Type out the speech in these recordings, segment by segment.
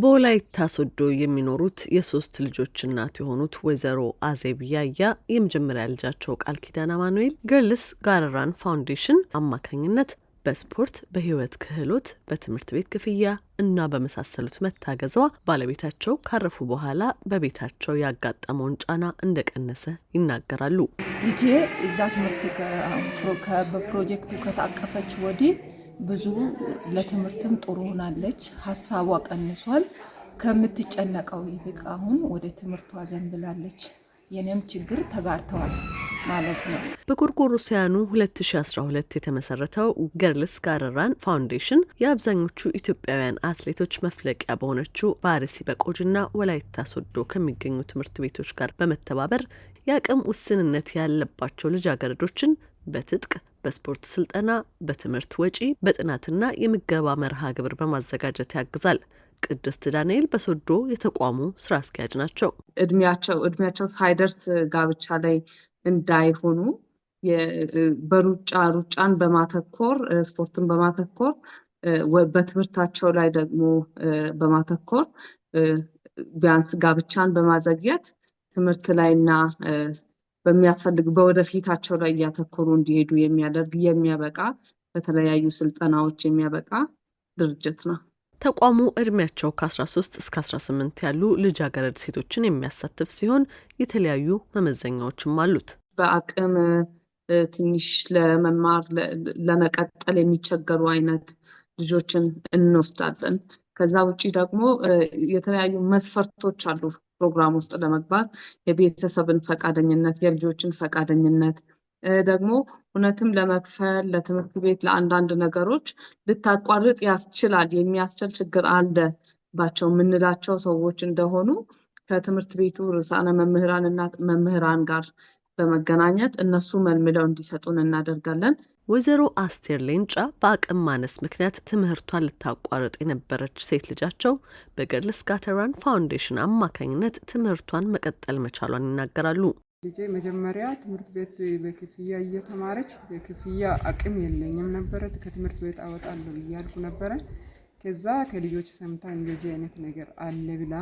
በወላይታ ሶዶ የሚኖሩት የሶስት ልጆች እናት የሆኑት ወይዘሮ አዜብ ያያ የመጀመሪያ ልጃቸው ቃል ኪዳን አማኑኤል ገርልስ ጋረራን ፋውንዴሽን አማካኝነት በስፖርት፣ በህይወት ክህሎት፣ በትምህርት ቤት ክፍያ እና በመሳሰሉት መታገዟ ባለቤታቸው ካረፉ በኋላ በቤታቸው ያጋጠመውን ጫና እንደቀነሰ ይናገራሉ። ልጄ እዛ ትምህርት በፕሮጀክቱ ከታቀፈች ወዲህ ብዙ ለትምህርትም ጥሩ ሆናለች። ሀሳቧ ቀንሷል። ከምትጨነቀው ይልቅ አሁን ወደ ትምህርቷ ዘንብላለች። የኔም ችግር ተጋርተዋል ማለት ነው። በጎርጎሮሳውያኑ 2012 የተመሰረተው ገርልስ ጋረራን ፋውንዴሽን የአብዛኞቹ ኢትዮጵያውያን አትሌቶች መፍለቂያ በሆነችው በአርሲ በቆጂና ወላይታ ሶዶ ከሚገኙ ትምህርት ቤቶች ጋር በመተባበር የአቅም ውስንነት ያለባቸው ልጃገረዶችን በትጥቅ በስፖርት ስልጠና፣ በትምህርት ወጪ፣ በጥናትና የምገባ መርሃ ግብር በማዘጋጀት ያግዛል። ቅድስት ዳንኤል በሶዶ የተቋሙ ስራ አስኪያጅ ናቸው። እድሜያቸው እድሜያቸው ሳይደርስ ጋብቻ ላይ እንዳይሆኑ በሩጫ ሩጫን በማተኮር ስፖርትን በማተኮር በትምህርታቸው ላይ ደግሞ በማተኮር ቢያንስ ጋብቻን በማዘግየት ትምህርት ላይና በሚያስፈልግ በወደፊታቸው ላይ እያተኮሩ እንዲሄዱ የሚያደርግ የሚያበቃ በተለያዩ ስልጠናዎች የሚያበቃ ድርጅት ነው። ተቋሙ እድሜያቸው ከ13 እስከ 18 ያሉ ልጃገረድ ሴቶችን የሚያሳትፍ ሲሆን የተለያዩ መመዘኛዎችም አሉት። በአቅም ትንሽ ለመማር ለመቀጠል የሚቸገሩ አይነት ልጆችን እንወስዳለን። ከዛ ውጭ ደግሞ የተለያዩ መስፈርቶች አሉ። ፕሮግራም ውስጥ ለመግባት የቤተሰብን ፈቃደኝነት፣ የልጆችን ፈቃደኝነት ደግሞ እውነትም ለመክፈል ለትምህርት ቤት ለአንዳንድ ነገሮች ልታቋርጥ ያስችላል የሚያስችል ችግር አለባቸው የምንላቸው ሰዎች እንደሆኑ ከትምህርት ቤቱ ርዕሳነ መምህራንና መምህራን ጋር በመገናኘት እነሱ መልምለው እንዲሰጡን እናደርጋለን። ወይዘሮ አስቴር ሌንጫ በአቅም ማነስ ምክንያት ትምህርቷን ልታቋርጥ የነበረች ሴት ልጃቸው በገርልስ ጋተራን ፋውንዴሽን አማካኝነት ትምህርቷን መቀጠል መቻሏን ይናገራሉ። ልጄ መጀመሪያ ትምህርት ቤት በክፍያ እየተማረች የክፍያ አቅም የለኝም ነበረ፣ ከትምህርት ቤት አወጣለሁ እያልኩ ነበረ። ከዛ ከልጆች ሰምታ እንደዚህ አይነት ነገር አለ ብላ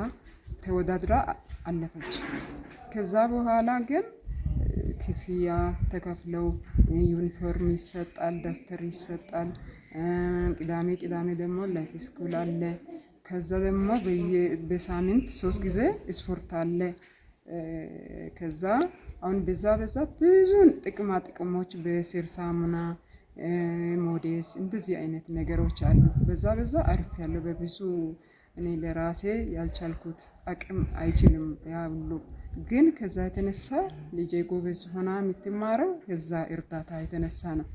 ተወዳድራ አለፈች። ከዛ በኋላ ግን ክፍያ ተከፍለው ዩኒፎርም ይሰጣል፣ ደብተር ይሰጣል። ቅዳሜ ቅዳሜ ደግሞ ላይፍ ስኩል አለ። ከዛ ደግሞ በሳምንት ሶስት ጊዜ ስፖርት አለ። ከዛ አሁን በዛ በዛ ብዙ ጥቅማ ጥቅሞች በሴር ሳሙና ሞዴስ እንደዚህ አይነት ነገሮች አሉ። በዛ በዛ አሪፍ ያለው በብዙ እኔ ለራሴ ያልቻልኩት አቅም አይችልም ያሉ ግን ከዛ የተነሳ ልጄ ጎበዝ ሆና የምትማረው ከዛ እርዳታ የተነሳ ነው።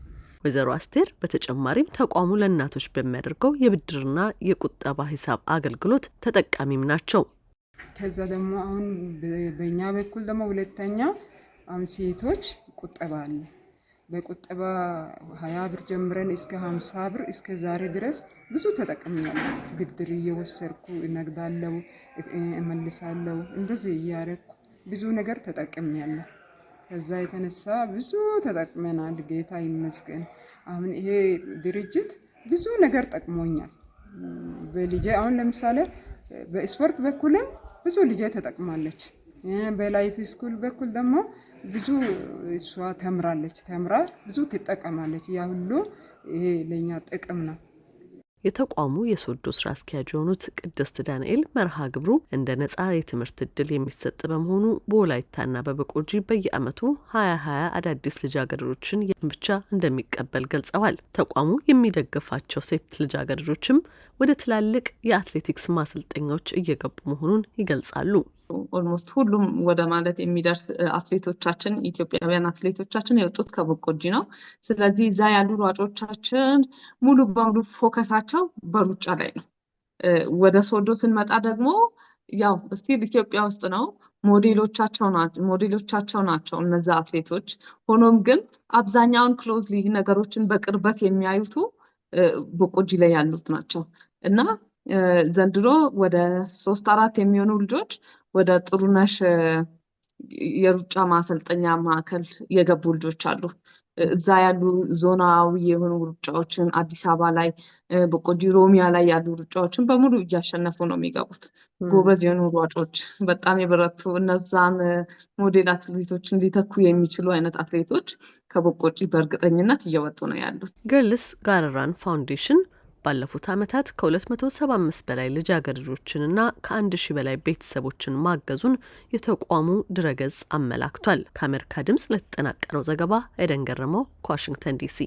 ወይዘሮ አስቴር በተጨማሪም ተቋሙ ለእናቶች በሚያደርገው የብድርና የቁጠባ ሂሳብ አገልግሎት ተጠቃሚም ናቸው። ከዛ ደግሞ አሁን በእኛ በኩል ደግሞ ሁለተኛ አሁን ሴቶች ቁጠባ አለ። በቁጠባ ሀያ ብር ጀምረን እስከ ሀምሳ ብር እስከ ዛሬ ድረስ ብዙ ተጠቅሜያለሁ። ብድር እየወሰድኩ እነግዳለሁ፣ እመልሳለሁ። እንደዚህ እያረግኩ ብዙ ነገር ተጠቅሜያለሁ። ከዛ የተነሳ ብዙ ተጠቅመናል። ጌታ ይመስገን። አሁን ይሄ ድርጅት ብዙ ነገር ጠቅሞኛል። በልጄ አሁን ለምሳሌ በስፖርት በኩልም ብዙ ልጄ ተጠቅማለች። በላይፍ ስኩል በኩል ደግሞ ብዙ እሷ ተምራለች። ተምራ ብዙ ትጠቀማለች። ያ ሁሉ ይሄ ለእኛ ጥቅም ነው። የተቋሙ የሶዶ ስራ አስኪያጅ የሆኑት ቅድስት ዳንኤል መርሃ ግብሩ እንደ ነጻ የትምህርት እድል የሚሰጥ በመሆኑ በወላይታና በበቆጂ በየአመቱ ሀያ ሀያ አዳዲስ ልጃገረዶችን ብቻ እንደሚቀበል ገልጸዋል። ተቋሙ የሚደግፋቸው ሴት ልጃገረዶችም ወደ ትላልቅ የአትሌቲክስ ማሰልጠኛዎች እየገቡ መሆኑን ይገልጻሉ። ኦልሞስት ሁሉም ወደ ማለት የሚደርስ አትሌቶቻችን ኢትዮጵያውያን አትሌቶቻችን የወጡት ከቦቆጂ ነው። ስለዚህ እዛ ያሉ ሯጮቻችን ሙሉ በሙሉ ፎከሳቸው በሩጫ ላይ ነው። ወደ ሶዶ ስንመጣ ደግሞ ያው ስቲል ኢትዮጵያ ውስጥ ነው። ሞዴሎቻቸው ናቸው እነዛ አትሌቶች። ሆኖም ግን አብዛኛውን ክሎዝሊ ነገሮችን በቅርበት የሚያዩቱ ቦቆጂ ላይ ያሉት ናቸው እና ዘንድሮ ወደ ሶስት አራት የሚሆኑ ልጆች ወደ ጥሩነሽ የሩጫ ማሰልጠኛ ማዕከል የገቡ ልጆች አሉ። እዛ ያሉ ዞናዊ የሆኑ ሩጫዎችን አዲስ አበባ ላይ በቆጂ ሮሚያ ላይ ያሉ ሩጫዎችን በሙሉ እያሸነፉ ነው የሚገቡት። ጎበዝ የሆኑ ሯጮች በጣም የበረቱ እነዛን ሞዴል አትሌቶችን ሊተኩ የሚችሉ አይነት አትሌቶች ከበቆጂ በእርግጠኝነት እየወጡ ነው ያሉት። ገርልስ ጋረራን ፋውንዴሽን ባለፉት ዓመታት ከ275 በላይ ልጃገረዶችንና ከ1 ሺ በላይ ቤተሰቦችን ማገዙን የተቋሙ ድረገጽ አመላክቷል። ከአሜሪካ ድምጽ ለተጠናቀረው ዘገባ ኤደን ገረመው ከዋሽንግተን ዲሲ